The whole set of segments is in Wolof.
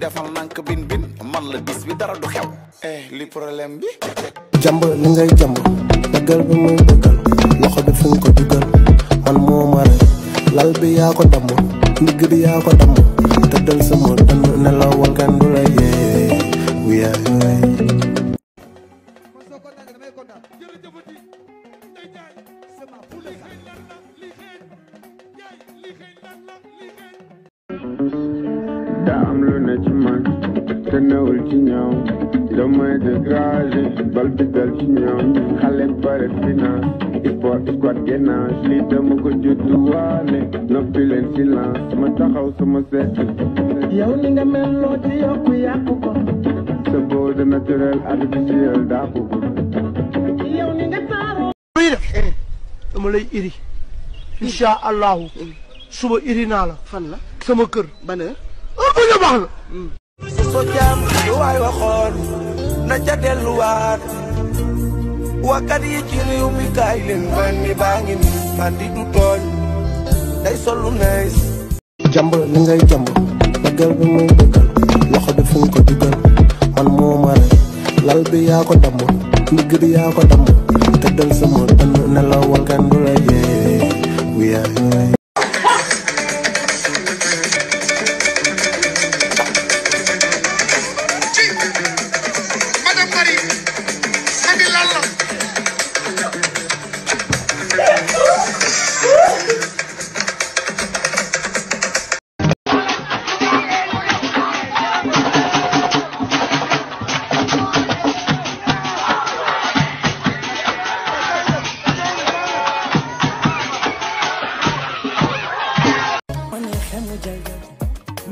defal nank bin bin man la bis bi dara du xew eh li problème bi jàmb li ngay jàmb dëggal bi muy dëggal loxo bi fi nga ko dugal man moo ma rey lal bi yaa ko damm ndigg bi yaa ko damm tëddal sama dënn te newul ci ñaaw lomay découragé bal bi ci ñoom xale bare finance sport squad gennage lii dama ko juddu waale noppi leen silence ma taxaw sama seet yow ni nga mel loo ci yokku yàqu ko sa beau de naturel artificiel dàqu yow ni nga taaroo luy def dama lay iri insha allahu suba iri naa la fan la sama kër ban heure heure bu ñu baax la so jaam lu waay waxoon naja de luar yi ci umi mi bani leen man mi day sollu nees jamb li ngay jamb dëggal bi muy dëggal loxo bi ko dugal man mo mare rey lal bi yaa ko damm ndigg ya yaa ko damm tëddal sama dënn nelawal kenn du la jee lii andi lan la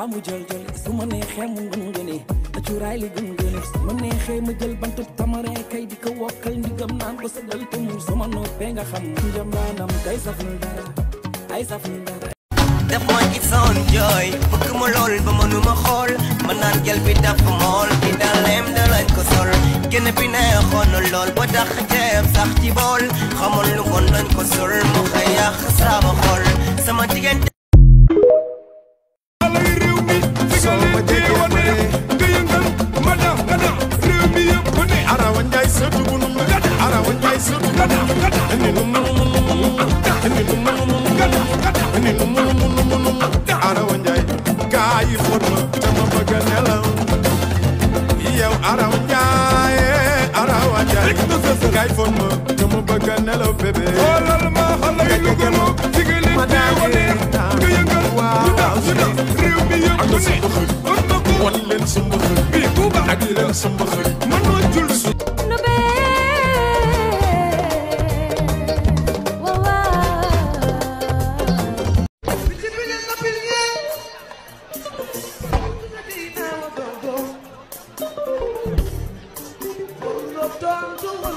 mbaa mu jël jël su ma neexee mu ngën ngëne a cuuraay li gën ngëne su ma neexee ma jël bantub tamarin kay di ko wokkal ndigam naan ko sëgal te mu sama noppee nga xam njam daanam a saful dara ay saful dara daf ma gisoon jooy bëgg ma lool ba mënuma xool ma naan jël bi daf mool di daleem dalañ ko sol gën bi lool ba tax ceeb sax ci bool xamal lu bon lañ ko sol mu araw njaay gaa yi xóot ma te ma bëgg a nelaw yow araw njaay araw njaay gaa yi xóot ma te ma bëgg a nelaw bébé xoolal ma xale yi lu gënu jigéen ñi teewa neex nga yëngal lu tax lu tax réew mi yëpp ne wan leen sumb xëy bii bu baax ak leen sumb xëy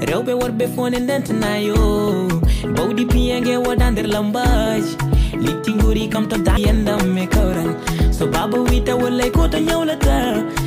rewɓe worɓe fone ne ndentanayo bawɗi piyange woda nder lambaji litti gori kam to da yendamme kawran so baba wita wallay ko to ñawlata